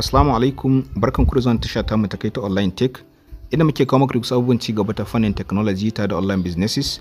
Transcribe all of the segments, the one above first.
assalamu alaikum barkan ku zuwa tasha ta mu ta kai ta online tech ina muke kawo muku duk abubuwan ci gaba ta fannin technology ta da online businesses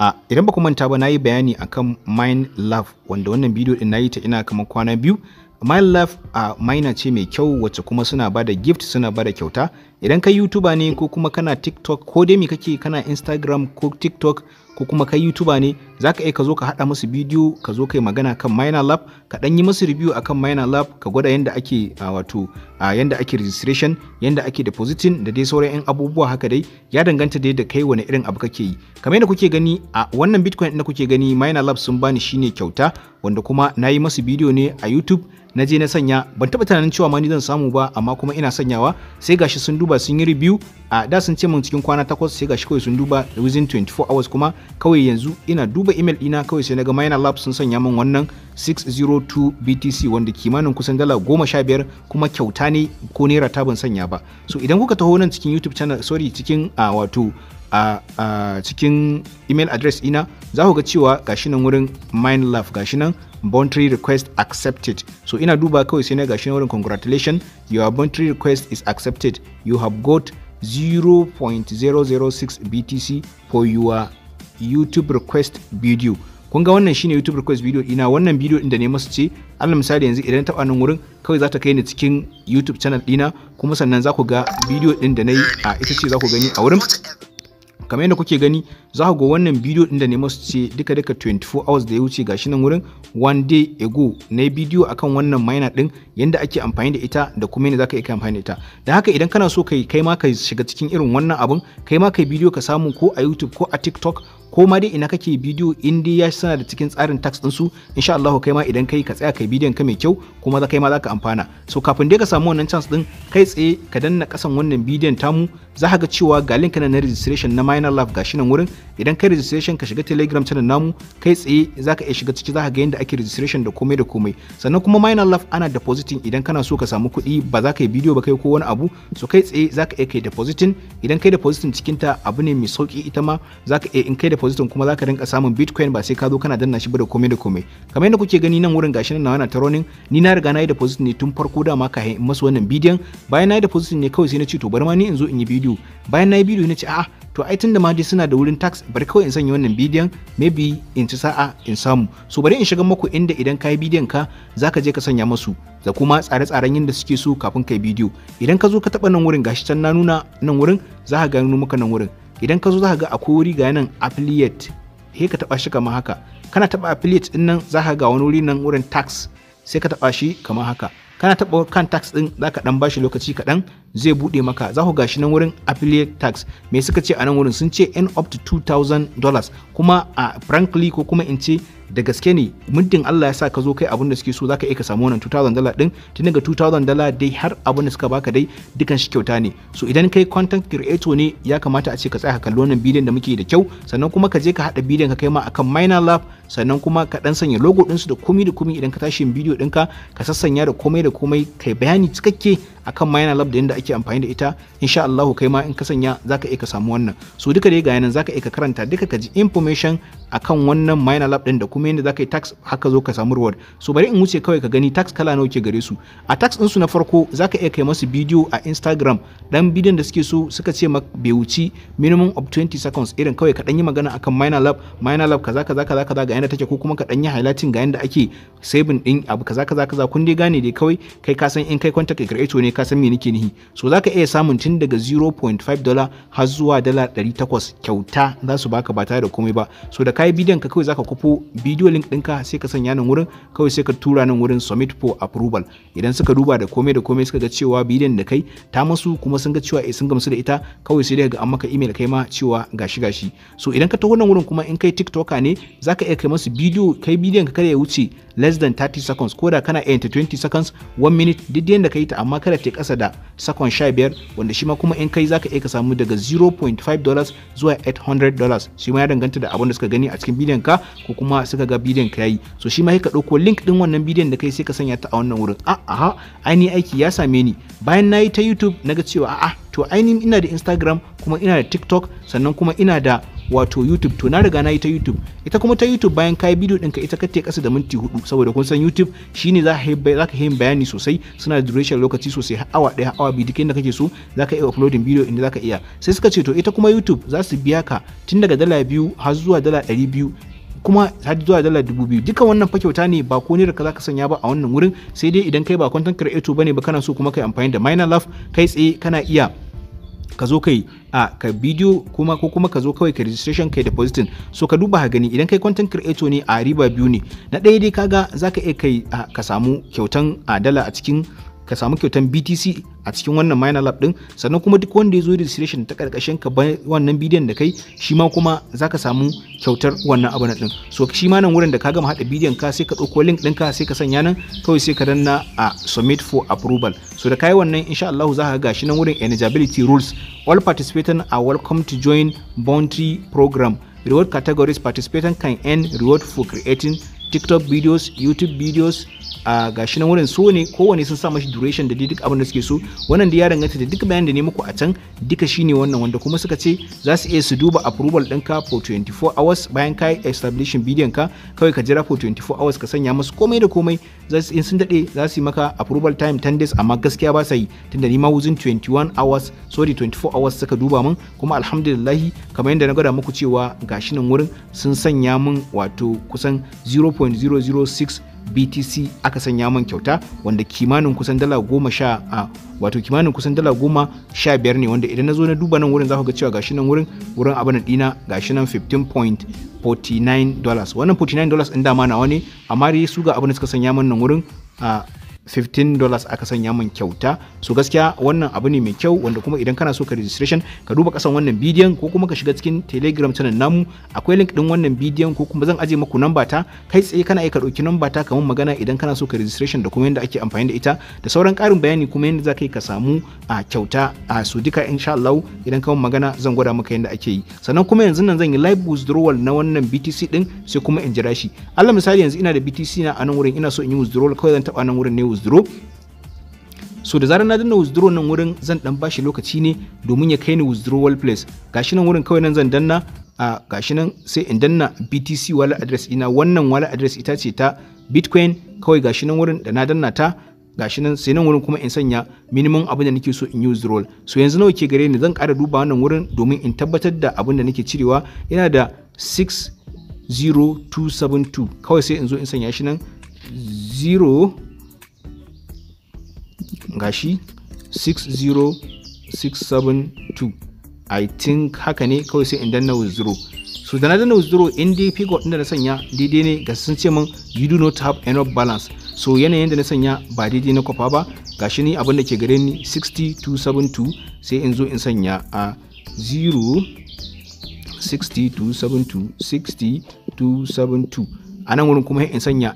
a idan ba ku manta ba nayi bayani akan mind love wanda wannan bidiyo din nayi ta ina kamar kwana biyu mind love a maina ce mai kyau wacce kuma suna bada gift suna ba da kyauta idan kai youtuber ne ko kuma kana tiktok ko dai me kake kana instagram ko tiktok ko kuma kai YouTuber ne za ka iya ka zo ka haɗa musu bidiyo ka zo kai magana kan minor Lab ka ɗan yi musu review akan minor Lab ka gwada yadda ake wato yadda ake registration yadda ake depositing da dai sauran 'yan abubuwa haka dai ya danganta dai da kai wani irin abu kake yi kamar yadda kuke gani a wannan Bitcoin da kuke gani minor Lab sun bani shine kyauta wanda kuma na yi masu bidiyo ne a YouTube na je na sanya ban taɓa tunanin cewa ma ni zan samu ba amma kuma ina sanyawa sai gashi sun duba sun yi review a da sun ce min cikin kwana takwas sai gashi kawai sun duba within 24 hours kuma kawai yanzu ina duba email ina kawai sai naga minor lab sun sanya min wannan 602 BTC wanda kimanin kusan dala goma sha biyar kuma kyauta ne ko naira ta ban sanya ba so idan kuka taho nan cikin YouTube channel sorry cikin a wato a cikin email address ina za ku ga cewa gashi nan wurin love gashi nan boundary request accepted so ina duba kawai sai na gashi nan wurin congratulation your boundary request is accepted you have got 0.006 BTC for your YouTube request video. kun ga wannan shine YouTube request video ina wannan video din da ne masu ce Allah misali yanzu idan taba nan wurin kawai za ta kai ni cikin YouTube channel dina kuma sannan za ku ga video din da na yi a ita ce za ku gani a wurin kamar yadda kuke gani za ku ga wannan bidiyo ɗin da ne masu ce duka duka 24 hours da ya wuce gashi nan wurin one day ago na bidiyo akan wannan miner ɗin yadda ake amfani da ita da kuma yadda za ka iya amfani da ita da haka idan kana so kai kai ma ka shiga cikin irin wannan abun kai ma kai bidiyo ka samu ko a youtube ko a tiktok ko ma dai ina kake bidiyo in dai ya sana da cikin tsarin tax ɗinsu insha Allah kai ma idan kai ka tsaya kai bidiyon ka mai kyau kuma za kai ma za ka amfana so kafin dai ka samu wannan chance din kai tsaye ka danna kasan wannan bidiyon tamu za ka ga cewa ga link na registration na minor life gashi nan wurin idan kai registration ka shiga telegram channel namu kai tsaye za ka iya shiga ciki za ka ga yadda ake registration da komai da komai sannan kuma minor life ana depositing idan kana so ka samu kuɗi ba za ka yi bidiyo ba kai ko wani abu so kai tsaye za ka iya kai depositing idan kai depositing cikinta abu ne mai sauki ita ma za ka iya in kai depositin kuma zaka rinka samun bitcoin ba sai ka zo kana danna shi ba da komai da komai kamar yadda kuke gani nan wurin gashi nan na ta running ni na riga na yi deposit ne tun farko dama ka in masu wannan bidiyon bayan na yi deposit ne kawai sai na ce to bari ma ni in zo in yi bidiyo bayan na yi bidiyo na ce a'a to ai tunda ma dai suna da wurin tax bari kawai in sanya wannan bidiyon maybe in ci sa'a in samu so bari in shiga muku inda idan ka yi bidiyon ka zaka je ka sanya masu da kuma tsare-tsaren yadda suke so kafin kai bidiyo idan ka zo ka taba nan wurin gashi can na nuna nan wurin za ka gano maka nan wurin idan ka zo za ka ga akwai wuri ga nan affiliate he ka taba shi kamar haka kana taba affiliate din nan za ka ga wani wuri nan wurin tax sai ka taba shi kamar haka kana taɓa kan tax ɗin za ka ɗan bashi lokaci kaɗan zai buɗe maka za ku gashi nan wurin affiliate tax me suka ce a nan wurin sun ce yan up to $2,000 kuma a frankly ko kuma in ce da gaske ne muddin Allah ya sa ka zo kai abin da suke so zaka iya ka samu wannan 2000 ɗin din tun daga 2000 dai har abin da suka baka dai dukan shi kyauta ne so idan kai content creator ne ya kamata a ce ka tsaya ka kalli wannan bidiyon da muke da kyau sannan kuma ka je ka haɗa bidiyon ka kai ma akan minor lab sannan kuma ka dan sanya logo ɗinsu da komi da komi idan ka tashi bidiyo ɗinka ka sassanya da komai da komai kai bayani cikakke akan mayana lab da yadda ake amfani da ita insha Allah kai ma in ka sanya zaka iya ka samu wannan so duka dai ga yanan zaka iya ka karanta duka ka ji information akan wannan mayana lab din da kuma yadda zaka yi tax haka zo ka samu reward so bari in wuce kawai ka gani tax kala nawa ke gare su a tax din su na farko zaka iya kai masu bidiyo a Instagram dan bidiyon da suke so suka ce ma bai wuci minimum of 20 seconds irin kawai ka dan yi magana akan mayana lab mayana lab kaza kaza kaza kaza ga yanda take ko kuma ka dan yi highlighting ga yanda ake saving din abu kaza kaza kaza kun dai gane dai kawai kai ka san in kai kwanta kai creator ne ka san me nake nihi so za ka iya samun tun daga 0.5 dollar har zuwa dala 800 kyauta za su baka ba tare da komai ba so da kai bidiyon ka kawai za ka kufo bidiyo link ɗinka sai ka sanya nan wurin kawai sai ka tura nan wurin submit for approval idan suka duba da komai da komai suka ga cewa bidiyon da kai ta masu kuma sun ga cewa eh sun gamsu da ita kawai sai daga an maka email kai ma cewa gashi gashi so idan ka taho nan wurin kuma in kai tiktoker ne za ka iya kai musu bidiyo kai bidiyon ka kada ya wuce less than 30 seconds ko da kana iya 20 seconds 1 minute duk da ka yi ta amma kada ke kasa da sakon 15 wanda shi ma kuma in kai zaka iya ka samu daga 0.5 dollars zuwa 800 dollars shi ma ya danganta da abin da suka gani a cikin bidiyon ka ko kuma suka ga bidiyon ka yayi so shi ma ka dauko link din wannan bidiyon da kai sai ka sanya ta a wannan wurin a ah, aha aini aiki ya same ni bayan nayi ta YouTube naga cewa a to ainihin ina da Instagram kuma ina da TikTok sannan kuma ina da wato YouTube to na riga na yi ta YouTube ita kuma ta YouTube bayan kai bidiyo ɗinka ita kace kasa da minti hudu saboda kun san YouTube shine za ka yi bayani sosai suna da duration lokaci sosai har awa daya awa biyu duk inda kake so za ka iya uploading bidiyo inda za ka iya sai suka ce to ita kuma YouTube za su biya ka tun daga dala biyu har zuwa dala ɗari biyu kuma har zuwa dala dubu biyu duka wannan fa kyauta ne ba ko ne da za ka sanya ba a wannan wurin sai dai idan kai ba content creator bane ba kana so kuma kai amfani da minor love kai tsaye kana iya ka zo kai a ka bidiyo kuma ko kuma ka zo kawai ka registration kai depositin so ka duba ha gani idan kai content creator ne a riba biyu ne na ɗaya dai kaga zaka iya kai ka samu kyautan a dala a cikin ka samu kyautan BTC a cikin wannan minor lab din sannan kuma duk wanda ya zo registration ta karkashin ka wannan bidiyon da kai shi ma kuma zaka samu kyautar wannan abu na din so shi ma nan wurin da ka gama hada bidiyon ka sai ka dauko link ka sai ka sanya nan kawai sai ka danna a submit for approval so da kai wannan insha Allah za ka ga shi nan wurin eligibility rules all participants are welcome to join bounty program reward categories participants can earn reward for creating TikTok videos, YouTube videos, a gashi nan wurin so ne kowane sun sa mashi duration da duk abin da suke so wannan da ya danganta da duk bayan da ne muku a can duka shine wannan wanda kuma suka ce za su iya su duba approval ɗinka for 24 hours bayan ka establishing bidiyon ka kawai ka jira for 24 hours ka sanya musu komai da komai za su in sun dade za su yi maka approval time 10 days amma gaskiya ba sa yi tunda ni ma within 21 hours sorry 24 hours suka duba min kuma alhamdulillah kamar yadda na gada muku cewa gashi nan wurin sun sanya min wato kusan 0.006 btc aka sanya man kyauta wanda kimanin kusan dala goma sha a wato kimanin kusan dala goma sha biyar ne wanda idan na zo na duba nan wurin za ku ga cewa gashi nan wurin wurin abin dina gashi nan 15.49 dollars wannan 49 dollars ɗin dama nawa ne amma dai su ga abin da suka sanya man nan wurin a 15 dollars aka sanya min kyauta so gaskiya wannan abu ne mai kyau wanda kuma idan kana so ka registration ka duba kasan wannan bidiyon ko kuma ka shiga cikin telegram channel namu akwai link din wannan bidiyon ko kuma zan aje maku namba ta kai tsaye kana aika dauki namba ta kamar magana idan kana so ka registration da kuma yadda ake amfani da ita da sauran karin bayani kuma yadda za ka ka samu a kyauta a so duka insha Allah idan kamar magana zan gwada maka yadda ake yi sannan kuma yanzu nan zan yi live withdrawal na wannan BTC din sai kuma in jira shi Allah misali yanzu ina da BTC na a nan wurin ina so in yi withdrawal kawai zan taba nan wurin ne withdraw so da zarar na danna withdraw nan wurin zan dan bashi lokaci ne domin ya kai ni withdrawal place gashi nan wurin kawai nan zan danna a gashi nan sai in danna BTC wallet address ina wannan wallet address ita ce ta Bitcoin kawai gashi nan wurin da na danna ta gashi nan sai nan wurin kuma in sanya minimum abin da nake so in use roll so yanzu nawa ke gare ni zan ƙara duba wannan wurin domin in tabbatar da abin da nake cirewa yana da 60272 kawai sai in zo in sanya shi nan 0 gashi 60672 i think haka ne kawai sai in danna withdraw so da na danna withdraw in dai figure din da na sanya daidai ne ga sun ce min you do not have enough balance so yanayin da na sanya ba daidai na kwafa ba gashi ni abin da ke gare ni 60272 sai in zo in sanya a 0 60272 60272 a nan wurin kuma in sanya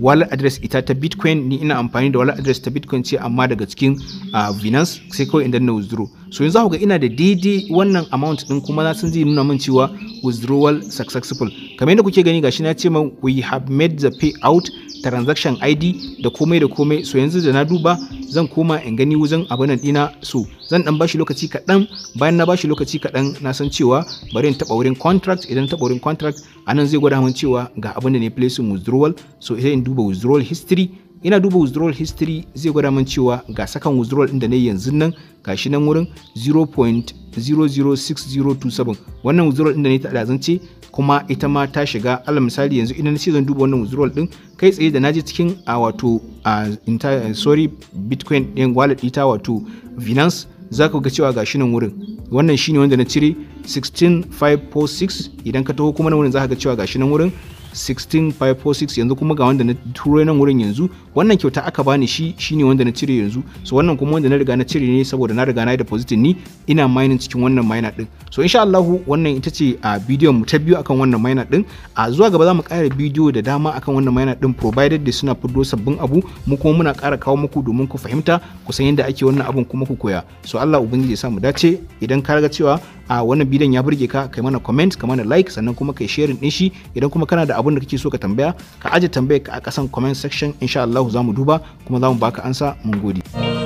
wallet address ita ta bitcoin ni ina amfani da wallet address ta bitcoin ce amma daga cikin ah, binance sai kawai inda na withdraw so yanzu ga ina da dd wannan amount din kuma na san zai nuna min cewa withdrawal successful kamar yadda kuke gani gashi na ce man we have made the payout transaction id da komai da komai so yanzu da na duba zan koma in gani wajen abin nan dina so zan dan bashi lokaci kaɗan bayan na bashi lokaci kaɗan na san cewa bari in taɓa wurin contract idan taɓa wurin contract anan zai gwada min cewa ga abin da ne placing withdrawal so sai in duba withdrawal history ina duba withdrawal history zai gwada min cewa ga sakan withdrawal ɗin da na yanzu nan gashi nan wurin 0.006027 wannan withdrawal ɗin da na yi ta zance kuma ita ma ta shiga alal misali yanzu idan na ce zan duba wannan withdrawal ɗin kai tsaye da naje cikin a wato sorry bitcoin ɗin wallet ita wato binance za ka ga cewa gashi nan wurin wannan shine wanda na cire 16546 idan ka taho kuma nan wurin za ka ga cewa gashi nan wurin 16546 yanzu kuma ga wanda na turo nan wurin yanzu wannan kyauta aka bani shi shine wanda na cire yanzu so wannan kuma wanda na riga na cire ne saboda na riga na yi deposit ni ina mining cikin wannan miner din so insha Allah wannan ita ce a bidiyon mu ta biyu akan wannan miner din a zuwa gaba za mu ƙara bidiyo da dama akan wannan miner din provided da suna fito sabbin abu mu kuma muna ƙara kawo muku domin ku fahimta ku san yadda ake wannan abun kuma ku koya so Allah ubangiji ya sa mu dace idan ka ga cewa a wannan bidiyon ya burge ka kai mana comment ka mana like sannan kuma kai sharing din shi idan kuma kana da abun da kake so ka tambaya ka aje tambayar ka a kasan comment section insha Allah za mu duba kuma za mu baka ansa mun gode